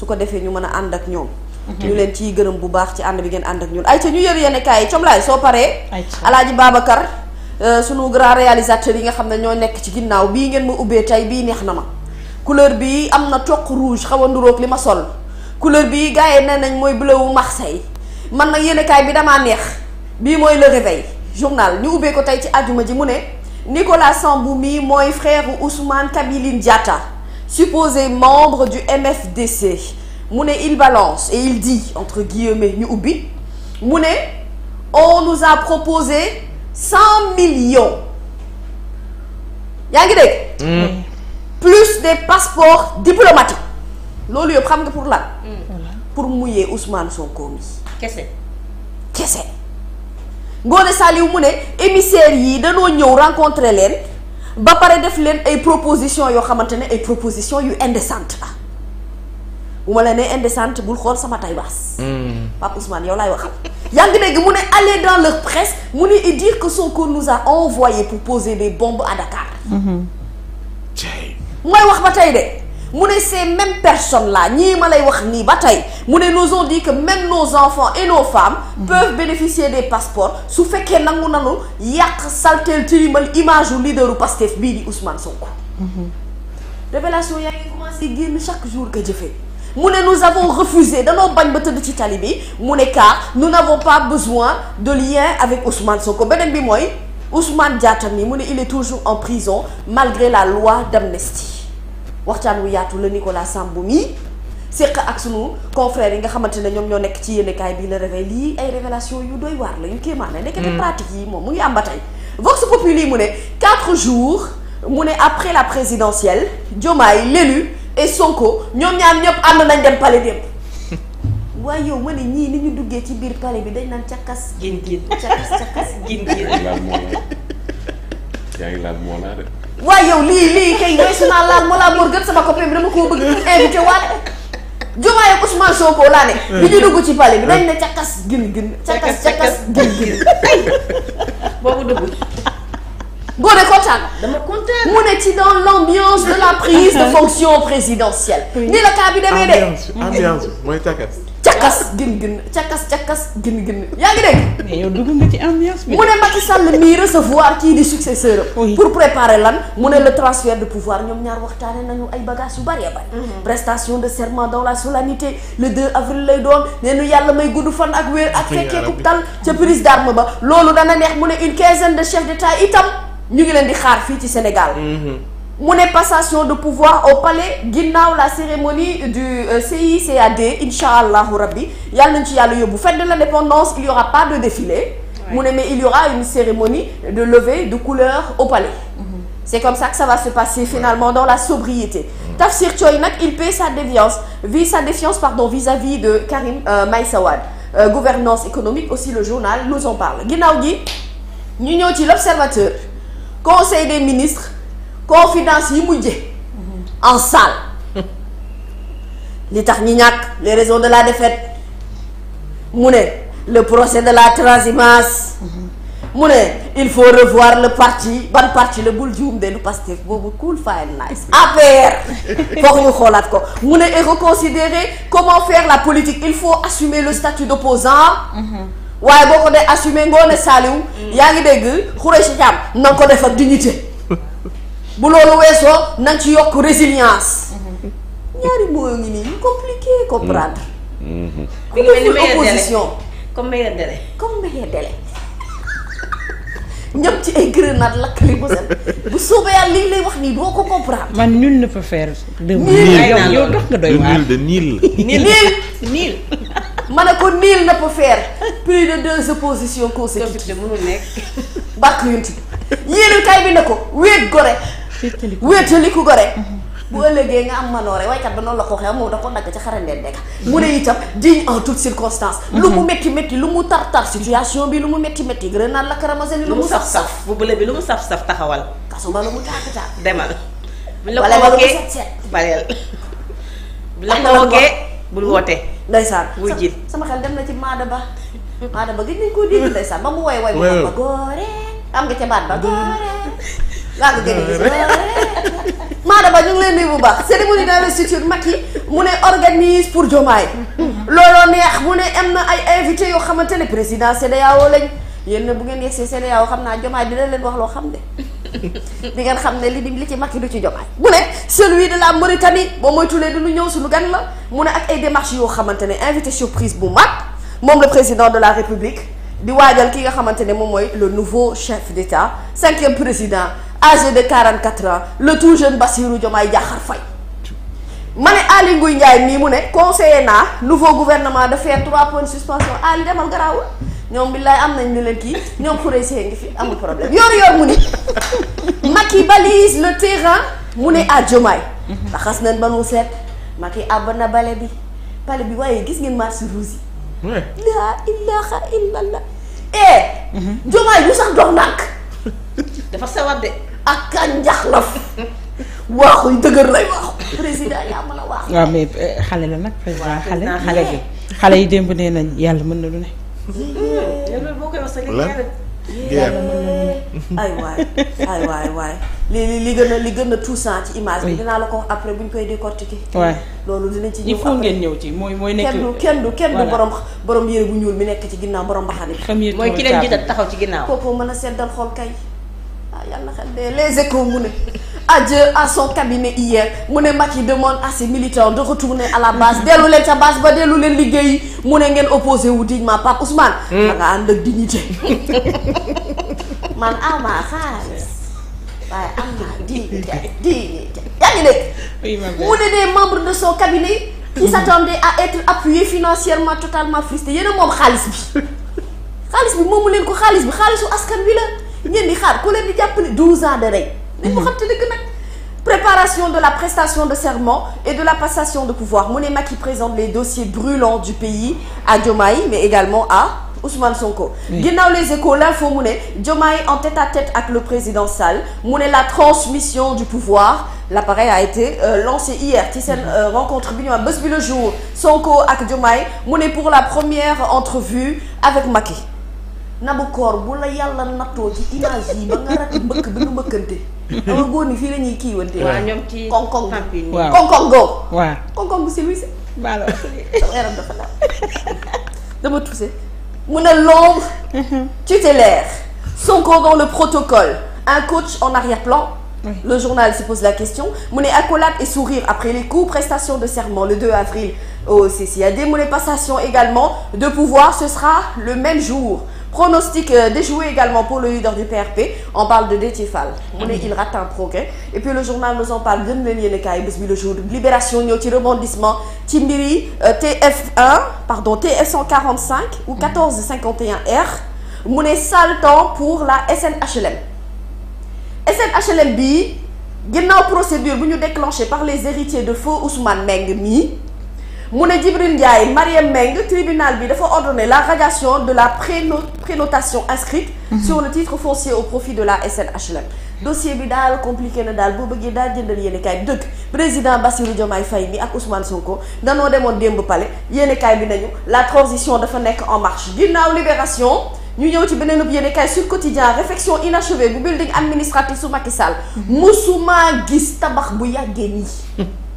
su ko defee ñu mën a ànd ak ñoom ñu leen ciy gërëm bu baax ci ànd bi ngeen ànd ak ñun ay ca ñu yër yenn kaay yi com laay soo paree alaaji Babacar euh, sunu grand réalisateur yi nga xam ne ñoo nekk ci ginnaaw bii ngeen ma ubbee tey bii neex na ma couleur bi am na toq rouge xaw a nduróog li ma sol couleur bi gars yi nañ mooy bleu wu Marseille man nag yenn bi damaa neex bii mooy le réveil journal ñu ubbee ko tey ci àjjuma ji mu ne Nicolas Sambou mii mooy frère Ousmane Kabiline Diatta supposé membre du MFDC mu ne il balance et il dit entre guillemets ñu ubbi mu ne on nous a proposé cent millions yaa ngi dégg. Hmm. plus des passeports diplomatiques loolu yëpp xam nga pour lan. Hmm. pour mouiller Ousmane Sonko mi. kese. kese. Ngoné Saliou mu ne émissaires yi dañoo ñëw rencontrer leen. ba pare def leen ay proposition yoo xamante ne ay proposition yu indécente la bu ma la nee indécente bul xool sama tay baas hmm. Pape Ousmane yow laay waxal yaa ngi dégg mu ne aller dans leur presse mu ne et dire que Sonko nous a envoyé pour poser des bombes à Dakar mm-hmm. mooy wax ba tey de mu ne se mêmes personne la ñii ma lay wax nii ba tey mu ne nous ont dit que même nos enfants et nos femmes mm-hmm. peuvent bénéficier des passeports su fekkee nangu nanu yàq salteel tilimal image yu leaderu Pastef bii di Ousmane Sonko mm-hmm. révélation yaa ngi commencé génn chaque jour nga jëfee mu ne nous avons refusé danoo bañ ba tëdd ci tali bi mu ne car nous n'avons pas besoin de lien avec Ousmane Sonko beneen bi mooy Ousmane Diatta mi mu ne il est toujours en prison malgré la loi d'amnistie waxtaan wu yaatu la Nicolas Sambou mii ak sunu confrères yi nga xamante ne ñoom ñoo nekk ci yéenekaay bii la réveil lii ay révélation yu doy waar la yu kéemaane nekkati hmm. pratique yi moom mu ngi am ba tey Vox Populi mu ne quatre jours mu ne après la présidentielle Diomaye l'élu et Sonko ñoom ñaan ñëpp ànd nañ dem palais démb waaye yow ma ne ñii ni ñu duggee ci biir palais bi dañ naan càkkas gin gin càkkas càkkas gin gin yaa ngi laal moo waaye yow lii lii kay mooy suma laal moo laa moor gën sama copain bi dama koo bëgg invité waale Diomaye ak Ousmane Sonko laa ne bi ñu dugg ci palais bi dañ ne cakkas gin gin cakkas cakkas gin gin boobu dugg Godé kontaan dama kontaan mu ne ci dans l'ambiance de la prise de fonction présidentielle ni la cas bi demee de ambiance mooy cakkas cakkas gin gin cakkas cakkas gin gin yaa ngi dégg. mais yow dugg mu ne Macky Sall mii recevoir kii di successeur pour préparer lan mu ne le transfert de pouvoir ñoom ñaar waxtaane nañu ay bagages yu bari a bari. Mhm. prestation de serment dans la solennité le 2 avril lay doon nee yàlla may gudd fan ak wér ak fekkeekub tal ca prise d'arme ba loolu dana neex mu ne une quinzaine de chefs d'État itam ñu ngi leen di xaar fii ci Sénégal. Mhm. mu ne passation de pouvoir au palais ginnaaw la cérémonie du euh, CICAD incha allahu rabbi yàlla nañ ci yàlla yóbbu fête de l'indépendance il y aura pas de défilé mu ouais. ne mais il y aura une cérémonie de levée de couleur au palais mm-hmm. c'est comme ça que ça va se passer finalement dans la sobriété mm-hmm. Tafsir Thioye nag il paie sa défiance vit sa défiance pardon vis-à-vis de Karim euh, euh, gouvernance économique aussi le journal nous en parle ginnaaw gi ñu ñëw ci l'observateur conseil des ministres confidence yi mujje en salle li tax ñi ñàkk les raisons de la défaite mu ne le procès de la transhumance mu ne il faut revoir le parti ban parti la bul juum de lu Pastef boobu cool fine nice APR foog ñu xoolaat ko mu ne et reconsidérer comment faire la politique il faut assumer le statut d'opposant waaye boo ko dee assumer ngoone saaliw yaa ngi dégg xuree si ñaam ko def ak dignité bu loolu weesoo nañ ci yokk résilience ñaari mooyo ngi nii ñu compliqué comprendre mm-hmm. comme meilleur délai ñam ci ay grenade lakkali bu set bu soobee yàlla li lay wax nii doo ko comprendre man nul ne peut faire de niil yow dox nga doy waar niil niil niil ma ne ko niil na peut faire de deux oppositions consécutives mënul nekk bàkk yunti yéen kay bi ne ko wéet gore wéetaliku gore bu ëllëgee nga am manoore waykat ba noonu la ko waxee moom da ko dagg ca xarandeen deka mu ne itam digne en toutes circonstances lu mu métti métti lu mu tar tar situation bi lu mu métti métti grenade la caramasel lu mu saf saf bu bële bi lu mu saf saf taxawal kasuma lu mu tàkk tàkk demal bu la ko woogee baleel bu la ko woogee bul woote ndeysaan wuy jil sama xel dem na ci maada ba maada ba gëj nañ koo dégg ndeysaan ba mu woy woy bu ba am nga ca baat ba laa gën a gis maadama ñu ngi leen nuyu bu baax cérémonie d'investiture Macky mu ne organise pour Diomaye looloo neex mu ne am na ay invité yoo xamante ne président CEDEAO lañ yéen bu ngeen yegsee CEDEAO xam naa Diomaye dina leen wax loo xam ne di ngeen xam ne li di li ci Macky du ci Diomaye mu ne celui de la Mauritanie boo moytulee du ñu ñëw suñu gan la mu ne ak ay démarches yoo xamante ne invité prise bu mag moom le président de la République di waajal ki nga xamante ne moom mooy le nouveau chef d'État cinquième président âgé de 44 ans le tout jeune Bassirou Diomaye Diakhar Faye ma ne Aly Ngouille Ndiaye mii mu ne conseiller naa nouveau gouvernement de faire trois points de suspension Aly demal garaawul ñoom billaay am nañ ñu leen kii ñoom xuree see ngi fi amul problème yor yor mu ni Macky balise le terrain mu ne à Diomaye raxas nañ ba mu set Macky àbb na bale bi bale bi waaye gis ngeen marche rouge yi laa ilaha illallah eh Diomaye lu sax dox ndànk dafa sawar de ak kan njaxlaf waaxu dëgër lay a waaxu. waaw mais eh, xale la nag président xale xale bi xale yi démb nee nañ yàlla mën na lu ne. na lu ne. ay waay ay waay li li gën a li gën a touchant ci image bi dinaa la ko wax après bu ñu koy décortiquer. waay loolu dinañ ci ñëw après il faut ngeen ñëw ci mooy mooy. nekk kenn du kenn du kenn du borom borom yére bu ñuul mi nekk ci ginnaaw borom baxane bi. mooy ki leen taxaw ci ginnaaw. kooku mën a seddal xol kay. ah yàlla xel de les échos mu ne adieu à son cabinet hier mu ne Macky demande à ses militants de retourner à la base dellu leen ca base ba dellu leen liggéeyi mu ne ngeen opposé wu dignement Pape Ousmane. Hmm. da nga ànd ak dignité man ama xaalis waaye am naa dignité dignité yaa mu ne des membres de son cabinet. qui hmm. s'attendaient à être appuyés financièrement totalement frustrés yéen moom xaalis bi xaalis bi moomu leen ko xaalis bi xaalisu askan wi la. ngeen di xaar ku leen di jàppale 12 ans de règne. nañ ko mhm. préparation de la prestation de serment et de la passation de pouvoir mu ne Macky présente les dossiers brûlants du pays à Diomaye mais également à Ousmane Sonko. ginnaaw les échos l'info mu ne Diomaye en tête à tête ak le président Sall mu ne la transmission du pouvoir l'appareil a été euh, lancé hier ci seen mhm. euh, rencontre bi ñu am bés bi le jour Sonko ak Diomaye mu ne pour la première entrevue avec Macky. nabu koor bu la yàlla nattoo ci image yi ba nga rak mbëkk bi nu mbëkkante ama góor ni fii la ñuy kiiwante waaw ñoom ci konkon bi waaw konkon googu waaw konkon bu silwise baalo mu ne l'ombre tutélaire Sonko dans le protocole un coach en arrière-plan Le journal se pose la question mu ne accolade et sourire après les coups de serment le avril au CCAD mu passation également de pouvoir ce sera le même jour pronostic euh, déjoué également pour le leader du PRP on parle de Déthié Fall il rate progrès et puis le journal nous en parle gën leen yéen kaay bés bi le jour libération ñëw ci rebondissement ci TF1 TF 145 ou r mu ne sale temps pour la SNHLM SNHLM bi ginnaaw procédure bu ñu déclenchée par les héritiers de feu Ousmane Meng mii mu ne Djibril Ndiaye Mariam Meng tribunal bi dafa ordonné la radiation de la préno prénotation inscrite mmh. sur le titre foncier au profit de la SNHLM dossier bi daal compliqué na daal boo bëggee daal jëndal yéenekaay bi dëgg président Bassirou Diomaye fay mi ak Ousmane Sonko danoo demoon démb palais yéenekaay bi nañu la transition dafa nekk en marche ginnaaw libération ñu ñëw ci beneen yéenekaay sur quotidien réflexion inachevée bu building administratif su Macky Sall. musuma mhm. gis tabax bu yàggee nii.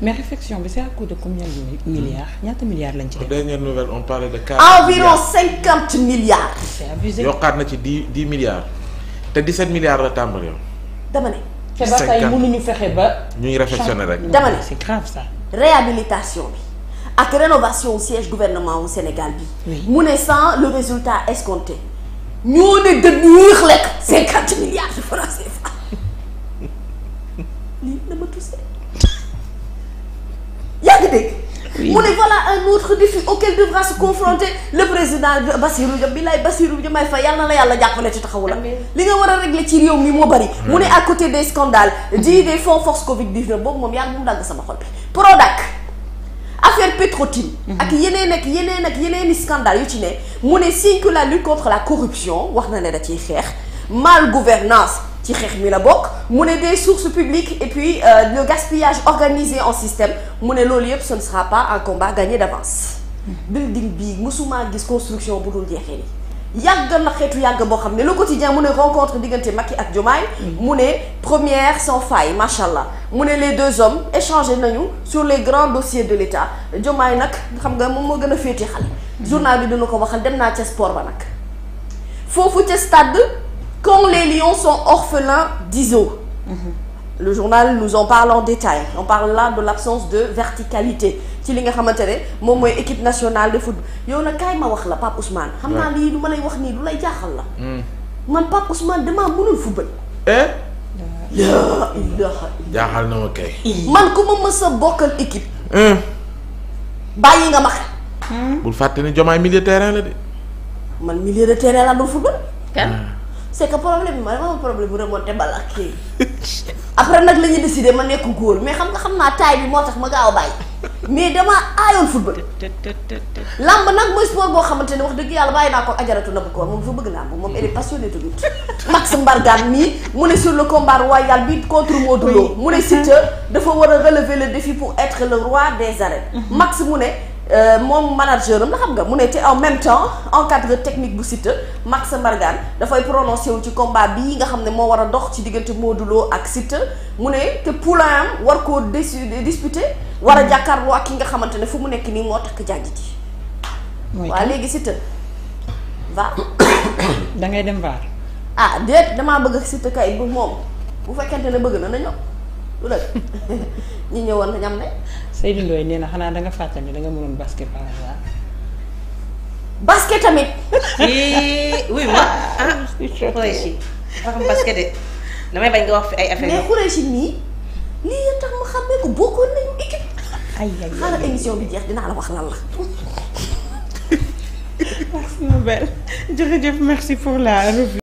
mais réflexion bi c'est à coût de combien de milliards ñaata milliards lañ ci def. dernière nouvelle on parlait environ cinquante milliards. c'est abusé na ci dix milliards te dix sept milliards la tàmbali yow. dama ne. te ba tey mënuñu fexe ba. ñu ngi réflexionné rek. dama ne c'est réhabilitation bi ak rénovation au siège gouvernement au Sénégal bi. mu ne sans le résultat escompté ñoo ne dënnu yéex lekk cinquante milliards de francs. mu ne voilà un autre défi auquel devra se confronter le président Bassirou Diomaye billaay Bassirou Diomaye Faye yal na la yàlla jàppale ci taxawu la li nga war a régler ci réew mi moo bari mu ne à côté des scandales di des fonds Covid boobu moom yàlla mu dagg sama xol bi Prodac affaire Petro-Tim mhm. ak yeneen ak yeneen ak yeneeni scandale yu ci ne mu ne signe la lutte contre la corruption wax na ne da ciy xeex mal gouvernance ci xeex mi la bokk mu ne des sources publiques et puis euh, le gaspillage organisé en système mu ne loolu yëpp ce ne sera pas un combat gagné d'avance building bii mësuma gis construction bu dul jeexee ni yàgg na xeetu yàgg boo xam ne le quotidien mu ne rencontre diggante Macky ak Diomaye mm. mu ne première sans faille macha allah mu ne les deux hommes échangé nañu sur les grands dossiers de l'État Diomaye nag xam nga moom moo gën a féete xale mm. journal bi dina ko waxal dem naa ca ba nag quand les lions sont orphelins d'ISO mm -hmm. le journal nous en parle en détail on parle là de l'absence de verticalité ci li nga xamante ne moom mooy équipe nationale de football yow nag kaay ma wax la Pape Ousmane xam naa lii lu ma lay wax nii lu lay jaaxal la hmm. man Pape Ousmane damaa mënul football eh? laa ilaha jaaxal na ma kay man ku ma mës bokkal équipe hmm. bàyyi nga ma xel bul fàtte ni jomaay milieu terrain la de man milieu de terrain laa doon football kan ah. c' est que problème bi ma dama am problème bu remonté bal ak après nag la ñu décidé ma nekk góor mais xam nga xam naa taay bi moo tax ma gaaw a bàyyi mais dama aayoon football. làmb nag mooy sport boo xamante ne wax dëgg yàlla bàyyi naa ko ajaratu na bu ko moom dafa bëgg làmb moom elle est passionnée tout Max Mbargane mii mu ne sur le combat royal bi contre Modou Lo mu ne Siteu uh-huh. dafa war a relever le défi pour être le roi des arènes. Mm-hmm. Max mu ne. Euh, moom manager am la xam nga mu ne te en même temps encadreur technique bu Siteu Max Mbargane dafay prononcé wu ci combat bii nga xam ne moo war a dox ci diggante Modou Lo ak Siteu mu ne te poulain am war koo disputé war a mm-hmm. jàkkaarloo ak ki nga xamante ne fu mu nekk nii moo takk jàjj ji waaw léegi sita va da ngay dem vaar ah déet damaa bëgg Siteu kay bu moom bu fekkente ne bëgg na na ñëw lu la ñi la ñam ne. Seydou Ndoye nee na xanaa da nga fàttali ne da nga mënoon basket par hasard. basket tamit. oui ma ah. Khoureyssi de damay bañ wax fi ay affaire lii ya tax ma xamee ko bokkoon nañu équipe. ay ay xaaral bi jeex dinaa la wax lan la. merci Nobel jërëjëf merci pour la